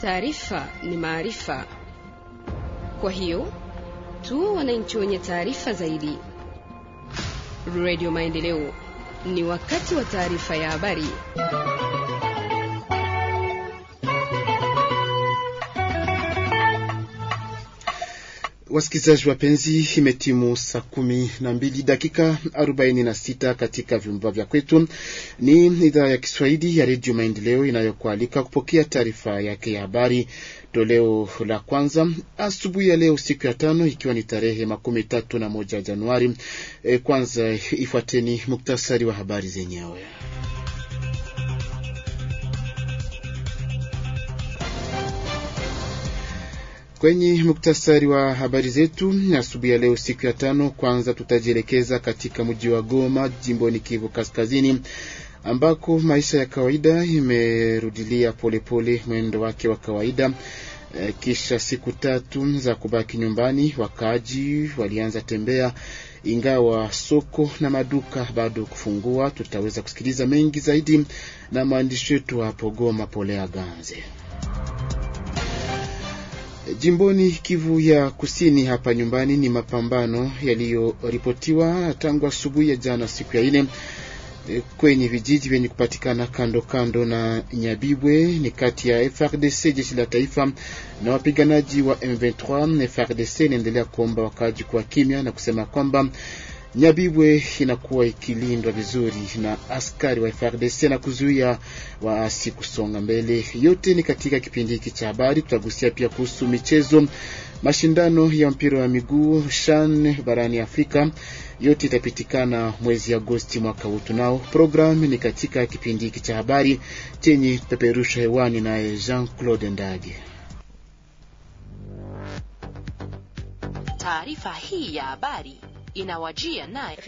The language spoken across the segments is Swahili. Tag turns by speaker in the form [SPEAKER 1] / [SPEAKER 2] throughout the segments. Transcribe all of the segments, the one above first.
[SPEAKER 1] Taarifa ni maarifa, kwa hiyo tuwe wananchi wenye taarifa zaidi. Radio Maendeleo, ni wakati wa taarifa ya habari.
[SPEAKER 2] Wasikilizaji wapenzi, imetimu saa kumi na mbili dakika arobaini na sita katika vyumba vya kwetu. Ni idhaa ya Kiswahili ya Redio Maendeleo inayokualika kupokea taarifa yake ya habari toleo la kwanza asubuhi ya leo siku ya tano, ikiwa ni tarehe makumi tatu na moja Januari. E, kwanza ifuateni muktasari wa habari zenyewe. Kwenye muktasari wa habari zetu asubuhi ya leo, siku ya tano, kwanza tutajielekeza katika mji wa Goma jimboni Kivu Kaskazini ambako maisha ya kawaida imerudilia polepole mwendo wake wa kawaida. Eh, kisha siku tatu za kubaki nyumbani, wakaaji walianza tembea, ingawa soko na maduka bado kufungua. Tutaweza kusikiliza mengi zaidi na mwandishi wetu hapo Goma, ya Ganze. Jimboni Kivu ya Kusini, hapa nyumbani, ni mapambano yaliyoripotiwa tangu asubuhi ya jana, siku ya ine, eh, kwenye vijiji vyenye kupatikana kando kando na Nyabibwe, ni kati ya FRDC, jeshi la taifa na wapiganaji wa M23. FRDC inaendelea kuomba wakaaji kwa kimya na kusema kwamba Nyabibwe inakuwa ikilindwa vizuri na askari wa FARDC na kuzuia waasi kusonga mbele. Yote ni katika kipindi hiki cha habari. Tutagusia pia kuhusu michezo, mashindano ya mpira wa miguu shan barani Afrika. Yote itapitikana mwezi Agosti mwaka huu. Tunao programu ni katika kipindi hiki cha habari chenye peperusha hewani, naye Jean Claude Ndage.
[SPEAKER 3] Taarifa hii ya habari inawajia naye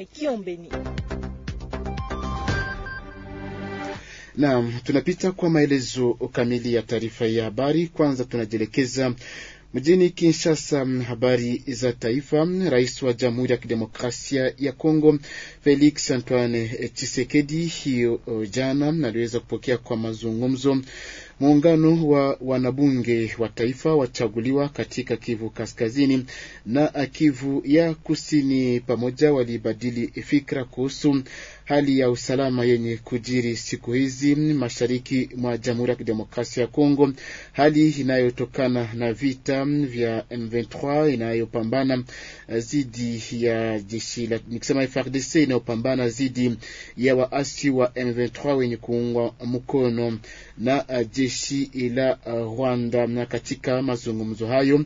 [SPEAKER 2] Naam, tunapita kwa maelezo kamili ya taarifa ya habari. Kwanza tunajielekeza mjini Kinshasa. Mm, habari za taifa. Rais wa Jamhuri ya Kidemokrasia ya Kongo Felix Antoine Tshisekedi hiyo oh, jana aliweza kupokea kwa mazungumzo Muungano wa wanabunge wa taifa wachaguliwa katika Kivu Kaskazini na Kivu ya Kusini pamoja walibadili fikra kuhusu hali ya usalama yenye kujiri siku hizi mashariki mwa Jamhuri ya Kidemokrasia ya Kongo, hali inayotokana na vita vya M23 inayopambana zidi ya jeshi la nikisema FRDC inayopambana zidi ya waasi wa M23 wenye kuungwa mkono na eh, jeshi la eh, Rwanda. Na katika mazungumzo hayo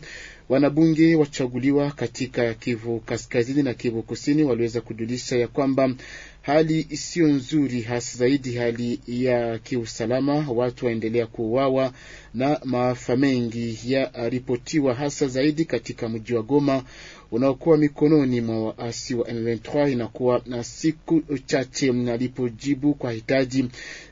[SPEAKER 2] wanabunge wachaguliwa katika Kivu Kaskazini na Kivu Kusini waliweza kujulisha ya kwamba hali isiyo nzuri, hasa zaidi hali ya kiusalama, watu waendelea kuuawa na maafa mengi yaripotiwa hasa zaidi katika mji wa Goma unaokuwa mikononi mwa waasi wa M23 inakuwa na siku chache alipojibu kwa hitaji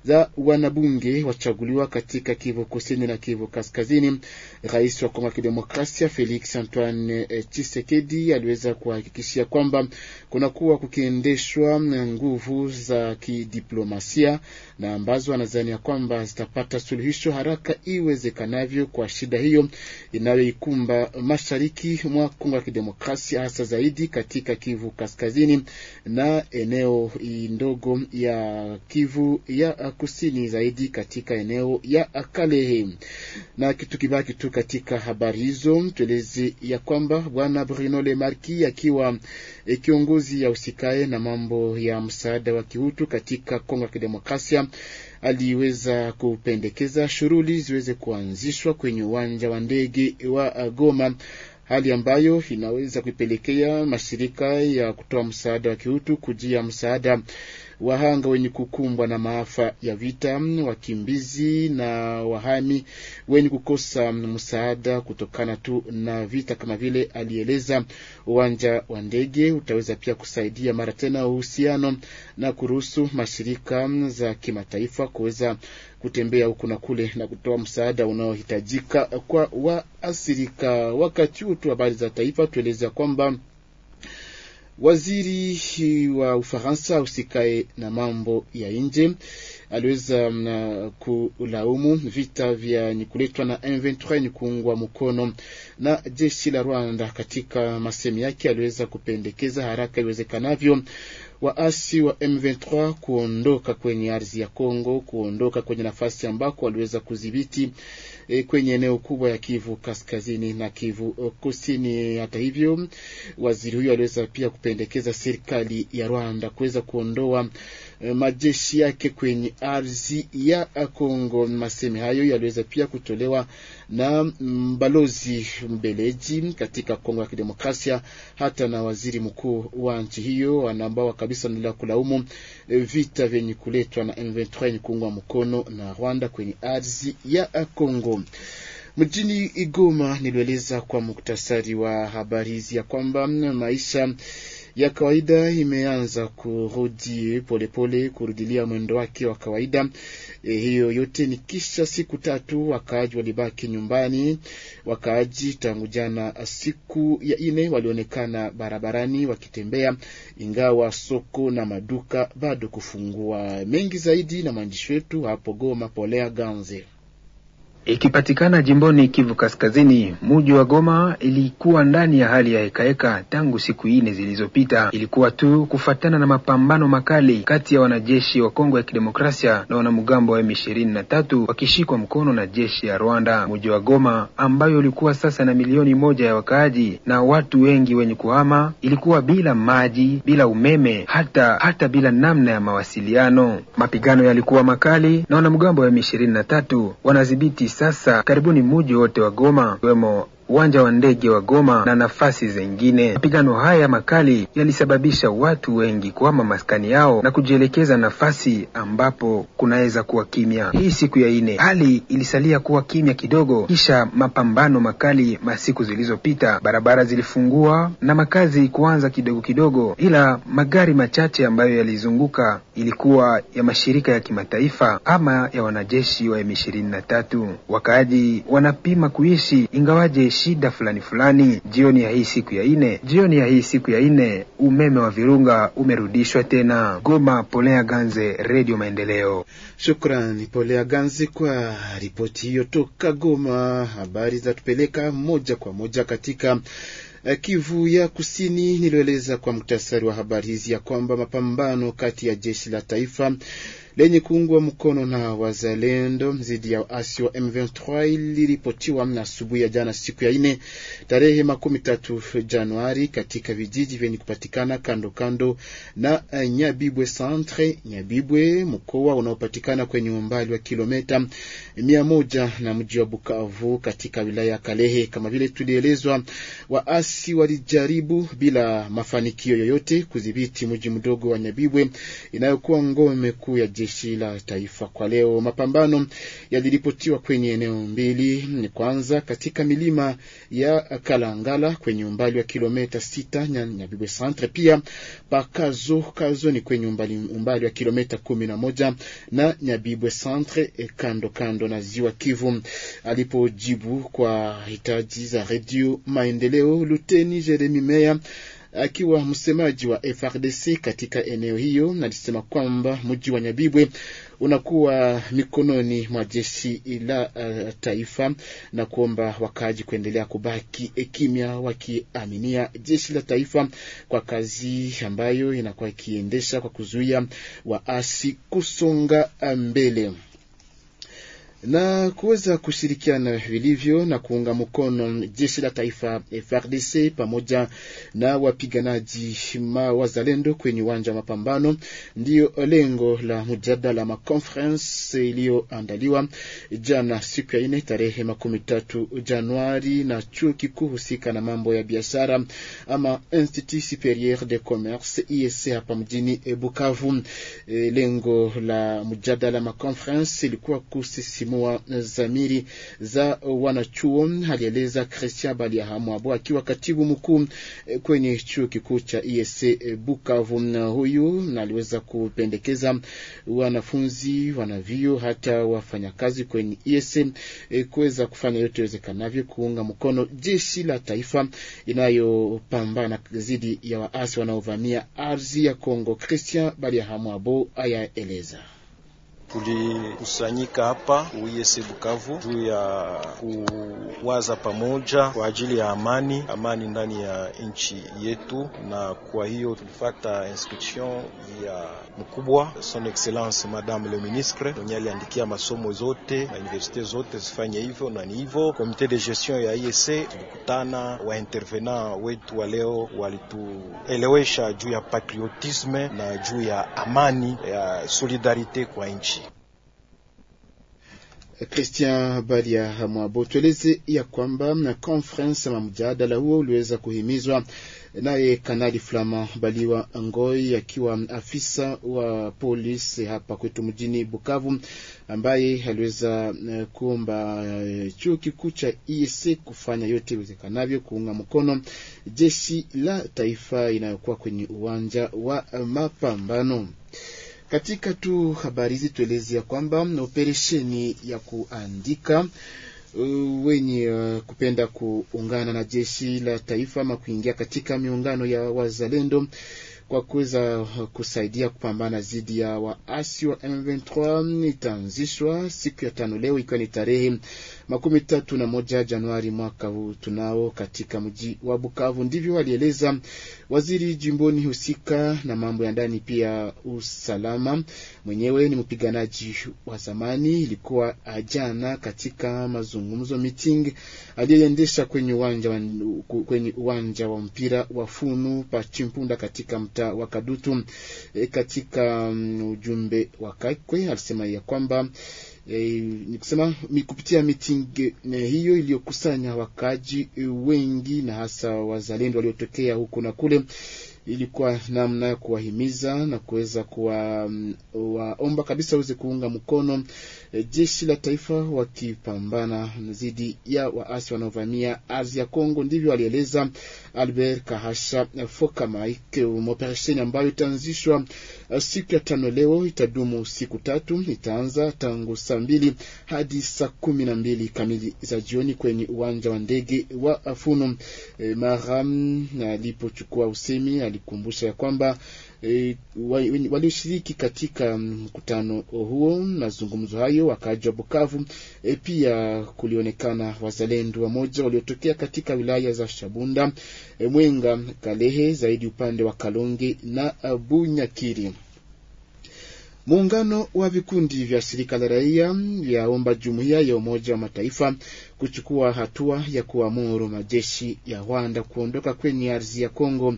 [SPEAKER 2] za wanabunge wachaguliwa katika Kivu Kusini na Kivu Kaskazini. Rais wa Kongo ya Kidemokrasia Felix Antoine Tshisekedi aliweza kuhakikishia kwamba kunakuwa kukiendeshwa nguvu za kidiplomasia na ambazo anadhani ya kwamba zitapata suluhisho haraka iwezekanavyo kwa shida hiyo inayoikumba mashariki mwa Kongo ya Kidemokrasia kasi hasa zaidi katika Kivu Kaskazini na eneo ndogo ya Kivu ya Kusini, zaidi katika eneo ya Kalehe. Na kitu kibaki tu katika habari hizo, tueleze ya kwamba bwana Bruno le marki akiwa e, kiongozi ya usikae na mambo ya msaada wa kiutu katika Kongo ya Kidemokrasia aliweza kupendekeza shughuli ziweze kuanzishwa kwenye uwanja wa ndege wa Goma hali ambayo inaweza kuipelekea mashirika ya kutoa msaada wa kiutu kujia msaada wahanga wenye kukumbwa na maafa ya vita, wakimbizi na wahami wenye kukosa msaada kutokana tu na vita, kama vile alieleza. Uwanja wa ndege utaweza pia kusaidia mara tena uhusiano na kuruhusu mashirika za kimataifa kuweza kutembea huku na kule na kutoa msaada unaohitajika kwa waasirika. Wakati huu tu, habari za taifa tueleza kwamba Waziri wa Ufaransa usikae na mambo ya nje aliweza um, na kulaumu vita vya ni kuletwa na M23 ni kuungwa mkono na jeshi la Rwanda. Katika masemi yake, aliweza kupendekeza haraka iwezekanavyo waasi wa M23 kuondoka kwenye ardhi ya Kongo, kuondoka kwenye nafasi ambako waliweza kudhibiti e, kwenye eneo kubwa ya Kivu kaskazini na Kivu kusini. Hata hivyo, waziri huyo aliweza pia kupendekeza serikali ya Rwanda kuweza kuondoa e, majeshi yake kwenye ardhi ya Kongo. Maseme hayo yaliweza pia kutolewa na mbalozi Mbeleji katika Kongo ya Kidemokrasia, hata na waziri mkuu wa nchi hiyo ambao kabisa naendelea kulaumu eh, vita vyenye kuletwa na M23 yenye kuungwa mkono na Rwanda kwenye ardhi ya Kongo. Mjini Igoma nilieleza kwa muktasari wa habari hizi ya kwamba maisha ya kawaida imeanza kurudi polepole kurudilia mwendo wake wa kawaida. E, hiyo yote ni kisha siku tatu wakaaji walibaki nyumbani. Wakaaji tangu jana siku ya ine walionekana barabarani wakitembea, ingawa soko na maduka bado kufungua.
[SPEAKER 3] Mengi zaidi na
[SPEAKER 2] mwandishi wetu hapo Goma, Polea Ganze.
[SPEAKER 3] Ikipatikana jimboni Kivu Kaskazini, muji wa Goma ilikuwa ndani ya hali ya hekaheka tangu siku nne zilizopita. Ilikuwa tu kufatana na mapambano makali kati ya wanajeshi wa Kongo ya Kidemokrasia na wanamgambo wa M23 wakishikwa mkono na jeshi ya Rwanda. Muji wa Goma ambayo ulikuwa sasa na milioni moja ya wakaaji na watu wengi wenye kuhama, ilikuwa bila maji, bila umeme, hata hata bila namna ya mawasiliano. Mapigano yalikuwa makali na wanamgambo wa M23 wanadhibiti sasa karibuni muji wote wa Goma ikiwemo uwanja wa ndege wa Goma na nafasi zengine. Mapigano haya makali yalisababisha watu wengi kuhama maskani yao na kujielekeza nafasi ambapo kunaweza kuwa kimya. Hii siku ya ine hali ilisalia kuwa kimya kidogo, kisha mapambano makali masiku zilizopita. Barabara zilifungua na makazi kuanza kidogo kidogo, ila magari machache ambayo yalizunguka ilikuwa ya mashirika ya kimataifa ama ya wanajeshi wa M23. Wakaaji wanapima kuishi ingawaje shida fulani fulani. Jioni ya hii siku ya ine, jioni ya hii siku ya ine, umeme wa Virunga umerudishwa tena. Goma, Polea Ganze, Radio Maendeleo. Shukrani Polea Ganze kwa ripoti hiyo toka Goma.
[SPEAKER 2] Habari za tupeleka moja kwa moja katika Eh, Kivu ya Kusini. Nilieleza kwa muktasari wa habari hizi ya kwamba mapambano kati ya jeshi la taifa lenye kuungwa mkono na wazalendo dhidi ya waasi wa M23 iliripotiwa mna asubuhi ya jana siku ya ine tarehe makumi tatu Januari katika vijiji vyenye kupatikana kando kando na eh, Nyabibwe centre, Nyabibwe mkoa unaopatikana kwenye umbali wa kilometa mia moja na mji wa Bukavu katika wilaya ya Kalehe. Kama vile tulielezwa, waasi walijaribu bila mafanikio yoyote kudhibiti mji mdogo wa Nyabibwe inayokuwa ngome kuu ya jeshi jeshi la taifa kwa leo. Mapambano yaliripotiwa kwenye eneo mbili, ni kwanza katika milima ya Kalangala kwenye umbali wa kilomita sita Nyabibwe Centre, pia pakazo kazo ni kwenye umbali, umbali wa kilomita kumi na moja na Nyabibwe Centre eh, kando kando na ziwa Kivu. Alipojibu kwa hitaji za redio Maendeleo, Luteni Jeremi Meya akiwa msemaji wa FRDC katika eneo hiyo, alisema kwamba mji wa Nyabibwe unakuwa mikononi mwa jeshi la uh, taifa na kuomba wakaaji kuendelea kubaki eh, kimya wakiaminia jeshi la taifa kwa kazi ambayo inakuwa ikiendesha kwa kuzuia waasi kusonga eh, mbele na kuweza kushirikiana vilivyo na kuunga mkono jeshi la taifa FRDC pamoja na wapiganaji ma wazalendo kwenye uwanja wa mapambano, ndiyo lengo la mjadala ma conference iliyoandaliwa jana siku ya ine tarehe makumi tatu Januari na chuo kikuu husika na mambo ya biashara ama Institut Superieur de Commerce ISC hapa mjini Bukavu. E, lengo la mjadala ma conference ilikuwa kusisi kutimua zamiri za wanachuo, alieleza Christian Baliahamwabo akiwa katibu mkuu eh, kwenye chuo kikuu cha ISC eh, Bukavu. Huyu aliweza kupendekeza wanafunzi, wanavyo hata wafanyakazi kwenye ISC eh, kuweza kufanya yote iwezekanavyo kuunga mkono jeshi la taifa inayopambana dhidi ya waasi wanaovamia ardhi ya Kongo. Christian Baliahamwabo ayaeleza
[SPEAKER 1] tulikusanyika hapa UIC e Bukavu juu ya kuwaza pamoja kwa ajili ya amani, amani ndani ya nchi yetu, na kwa hiyo tulifata inscription ya mkubwa Son Excellence Madame le Ministre mwenye aliandikia masomo zote na universite zote zifanye hivyo na ni hivyo. Komite de gestion ya IEC tulikutana, wa intervenant wetu wa leo
[SPEAKER 2] walituelewesha juu ya patriotisme na juu ya amani ya solidarite kwa nchi. Christian, habari ya Mwabo, tueleze ya kwamba na conference ama mjadala huo uliweza kuhimizwa naye Kanali Flama Baliwa Ngoi akiwa afisa wa polisi hapa kwetu mjini Bukavu, ambaye aliweza eh, kuomba eh, chuo kikuu cha EAC kufanya yote iwezekanavyo kuunga mkono jeshi la taifa inayokuwa kwenye uwanja wa mapambano. Katika tu habari hizi tuelezea kwamba operesheni ya kuandika uh, wenye uh, kupenda kuungana na jeshi la taifa ama kuingia katika miungano ya wazalendo kwa kuweza uh, kusaidia kupambana dhidi ya waasi wa M23 itaanzishwa siku ya tano leo, ikiwa ni tarehe makumi tatu na moja Januari mwaka huu tunao katika mji wa Bukavu. Ndivyo alieleza waziri jimboni husika na mambo ya ndani pia usalama. Mwenyewe ni mpiganaji wa zamani, ilikuwa ajana katika mazungumzo meeting aliyeendesha kwenye uwanja wa, kwenye uwanja wa mpira wa Funu pa Chimpunda katika mtaa wa Kadutu. E, katika um, ujumbe wa Kakwe alisema ya kwamba E, ni kusema kupitia mitingi e, hiyo iliyokusanya wakaaji e, wengi na hasa wazalendo waliotokea huko na kule, ilikuwa namna ya kuwahimiza na kuweza kuwaomba mm, kabisa waweze kuunga mkono Eh, jeshi la taifa wakipambana dhidi ya waasi wanaovamia ardhi ya Kongo. Ndivyo alieleza Albert Kahasha eh, Foka Mike. Um, operesheni ambayo itaanzishwa eh, siku ya tano leo itadumu siku tatu, itaanza tangu saa mbili hadi saa kumi na mbili kamili za jioni kwenye uwanja wa ndege wa Afunu. E, Maram alipochukua usemi alikumbusha ya kwamba e, walioshiriki katika mkutano huo, mazungumzo hayo wakaaji wa Bukavu. E, pia kulionekana wazalendo wamoja waliotokea katika wilaya za Shabunda, e, Mwenga, Kalehe, zaidi upande wa Kalonge na e, Bunyakiri. Muungano wa vikundi vya shirika la raia yaomba jumuiya ya Umoja wa Mataifa kuchukua hatua ya kuamuru majeshi ya Rwanda kuondoka kwenye ardhi ya Kongo.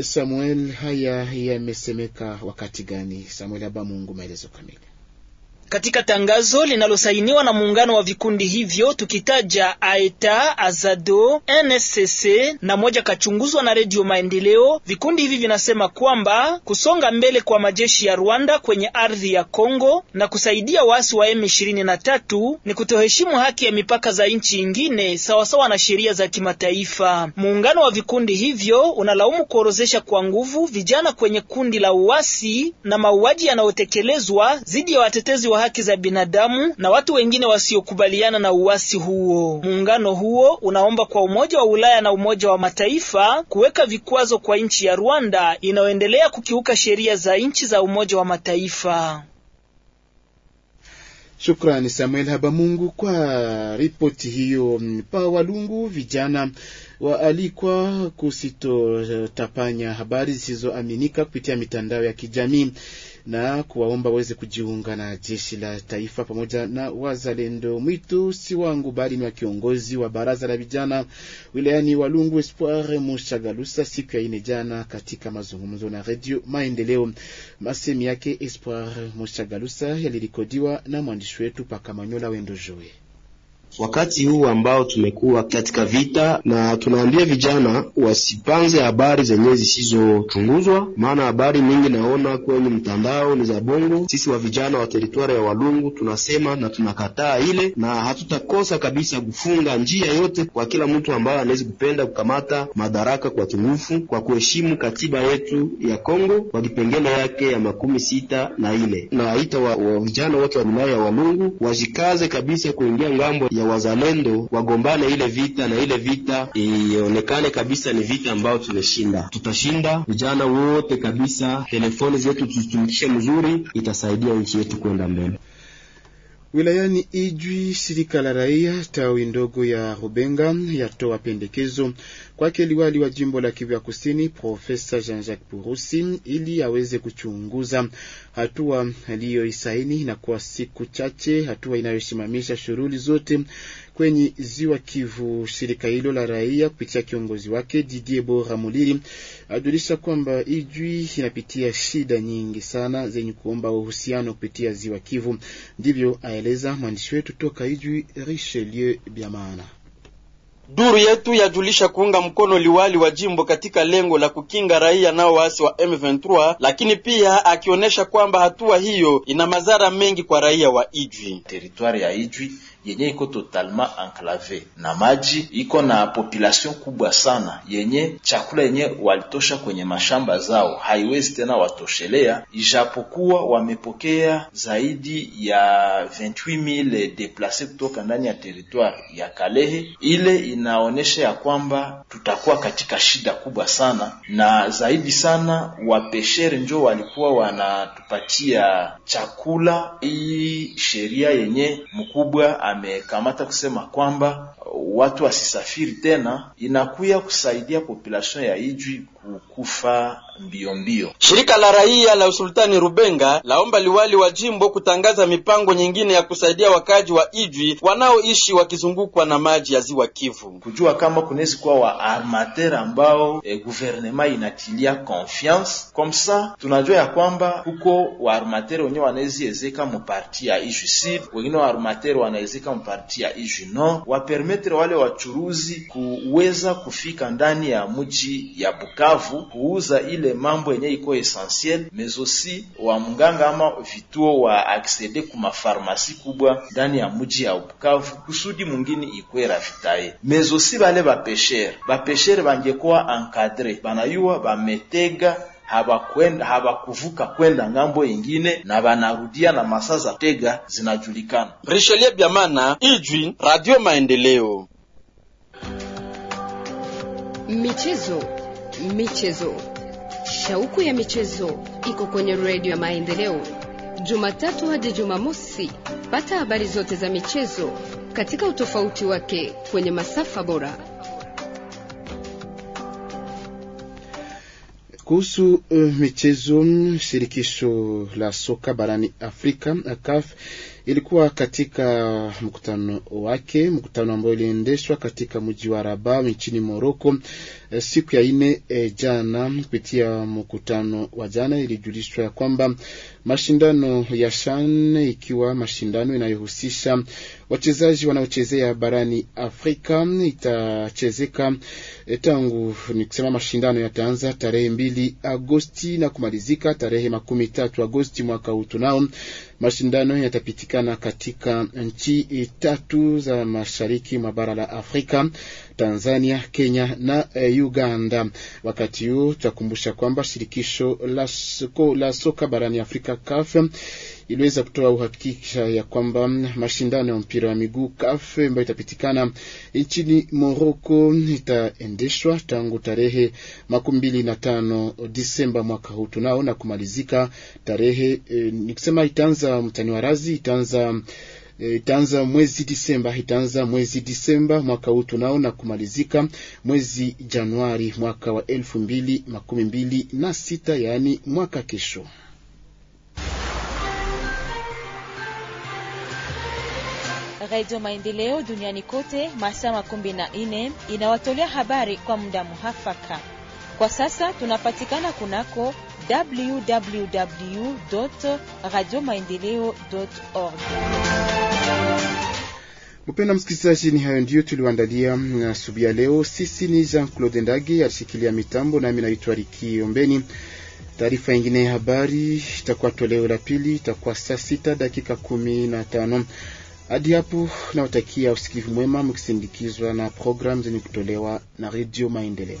[SPEAKER 2] Samuel, haya yamesemeka wakati gani? Samuel Abamungu, maelezo kamili.
[SPEAKER 1] Katika tangazo linalosainiwa na muungano wa vikundi hivyo tukitaja Aeta, Azado, NSCC na moja kachunguzwa na Redio Maendeleo, vikundi hivi vinasema kwamba kusonga mbele kwa majeshi ya Rwanda kwenye ardhi ya Kongo na kusaidia waasi wa M23 ni kutoheshimu haki ya mipaka za nchi ingine sawasawa na sheria za kimataifa. Muungano wa vikundi hivyo unalaumu kuorozesha kwa nguvu vijana kwenye kundi la uasi na mauaji yanayotekelezwa dhidi ya watetezi wa haki za binadamu na watu wengine wasiokubaliana na uasi huo. Muungano huo unaomba kwa Umoja wa Ulaya na Umoja wa Mataifa kuweka vikwazo kwa nchi ya Rwanda inayoendelea kukiuka sheria za nchi za Umoja wa Mataifa.
[SPEAKER 2] Shukrani Samuel Habamungu kwa ripoti hiyo. Pa Walungu, vijana waalikwa kusitotapanya habari zisizoaminika kupitia mitandao ya kijamii na kuwaomba waweze kujiunga na jeshi la taifa pamoja na wazalendo. mwitu si wangu bali ni wa kiongozi wa baraza la vijana wilayani Walungu, Espoir Mushagalusa, siku ya ine jana katika mazungumzo na Redio Maendeleo. Masemi yake Espoir Mushagalusa yalirikodiwa na mwandishi wetu Pakamanyola Wendo Joe
[SPEAKER 1] wakati huu ambao tumekuwa katika vita, na tunaambia vijana wasipanze habari zenye zisizochunguzwa, maana habari mingi naona kwenye mtandao ni za bongo. Sisi wa vijana wa teritwari ya Walungu tunasema na tunakataa ile, na hatutakosa kabisa kufunga njia yote kwa kila mtu ambaye anawezi kupenda kukamata madaraka kwa tungufu, kwa kuheshimu katiba yetu ya Kongo kwa kipengele yake ya makumi sita na ine. Na ita wa, wa vijana wote wa wilaya ya Walungu wajikaze kabisa kuingia ngambo ya ya wazalendo wagombane ile vita na ile vita ionekane kabisa ni vita ambayo tumeshinda, tutashinda vijana wote kabisa. Telefoni zetu tuzitumikishe mzuri, itasaidia nchi yetu kwenda mbele.
[SPEAKER 2] Wilayani Ijwi, shirika la raia tawi ndogo ya Rubenga yatoa pendekezo kwake liwali wa jimbo la Kivu ya Kusini, Profesa Jean-Jacques Purusi, ili aweze kuchunguza hatua aliyoisaini na kwa siku chache, hatua inayosimamisha shughuli zote kwenye ziwa Kivu. Shirika hilo la raia kupitia kiongozi wake Didier Bora Muliri ajulisha kwamba Ijwi inapitia shida nyingi sana zenye kuomba uhusiano kupitia ziwa Kivu. Ndivyo aeleza mwandishi wetu toka Ijwi Richelieu Biamana.
[SPEAKER 1] Duru yetu yajulisha kuunga mkono liwali wa jimbo katika lengo la kukinga raia nao waasi wa M23, lakini pia akionyesha kwamba hatua hiyo ina madhara mengi kwa raia wa Ijwi. Teritwari ya Ijwi yenye iko totalement enclave na maji, iko na population kubwa sana yenye chakula yenye walitosha kwenye mashamba zao haiwezi tena watoshelea, ijapokuwa wamepokea zaidi ya 28000 deplace kutoka ndani ya teritwari ya Kalehe ile inaonyesha ya kwamba tutakuwa katika shida kubwa sana, na zaidi sana wapeshere njo walikuwa wanatupatia chakula. Hii sheria yenye mkubwa amekamata kusema kwamba watu wasisafiri tena, inakuya kusaidia population ya Ijwi kukufa mbio mbio. Shirika la raia la usultani Rubenga laomba liwali wa jimbo kutangaza mipango nyingine ya kusaidia wakaaji wa Ijwi wanaoishi wakizungukwa na maji ya ziwa Kivu, kujua kama kunaweza kuwa wa armateur ambao e, eh, guvernema inatilia confiance komsa. Tunajua ya kwamba huko wa armateur wenyewe wanaeziezeka mparti ya Ijwi Sud, wengine wa armateur wanaezeka mparti ya Ijwi Nord, wapermetre wale wachuruzi kuweza kufika ndani ya mji ya Bukavu kuuza ili ile mambo yenye iko essentiel mais aussi wa mganga ama vituo wa aksede ku mafarmasi kubwa ndani ya muji ya Bukavu kusudi mungini ikwe rafitaye mais aussi bale bapeshere bapeshere bangekuwa encadre banayuwa bametega habakwenda habakuvuka kwenda ngambo ingine na banarudia na masaa za tega zinajulikana. Richelieu Biamana, Ijwi Radio Maendeleo. Michezo michezo Shauku ya michezo iko kwenye redio ya Maendeleo, Jumatatu hadi Jumamosi. Pata habari zote za michezo katika utofauti wake kwenye masafa bora.
[SPEAKER 2] Kuhusu uh, michezo, shirikisho la soka barani Afrika CAF ilikuwa katika mkutano wake, mkutano ambao iliendeshwa katika mji wa raba nchini moroko Eh, siku ya ine e, jana kupitia mkutano wa jana ilijulishwa kwamba mashindano ya shan ikiwa mashindano inayohusisha wachezaji wanaochezea barani Afrika itachezeka eh, tangu ni kusema mashindano yataanza tarehe mbili Agosti na kumalizika tarehe makumi tatu Agosti mwaka huu. Tunao mashindano yatapitikana katika nchi tatu za mashariki mwa bara la Afrika Tanzania, Kenya na eh, Uganda. Wakati huu tutakumbusha kwamba shirikisho la, soko, la soka barani Afrika CAF iliweza kutoa uhakikisha ya kwamba mashindano ya mpira wa miguu CAF ambayo itapitikana nchini Morocco itaendeshwa tangu tarehe makumi mbili na tano Disemba mwaka huu tunao na kumalizika tarehe eh, nikisema itaanza mtani wa razi itaanza Eh, itaanza mwezi Disemba, itaanza mwezi Disemba mwaka huu tunao na kumalizika mwezi Januari mwaka wa elfu mbili makumi mbili na sita yaani mwaka kesho.
[SPEAKER 3] Radio Maendeleo duniani kote masaa
[SPEAKER 1] makumi na nne inawatolea habari kwa muda muhafaka. Kwa sasa tunapatikana kunako www radio maendeleo org
[SPEAKER 2] Mpenda msikilizaji, ni hayo ndiyo tuliwaandalia mm, asubuhi ya leo. Sisi ni Jean Claude Ndage alishikilia mitambo, nami naitwa Riki Ombeni. Taarifa nyingine ya habari itakuwa toleo la pili, itakuwa saa sita dakika kumi na tano. Hadi hapo nawatakia usikivu mwema, mkisindikizwa na programu zenye kutolewa na Redio Maendeleo.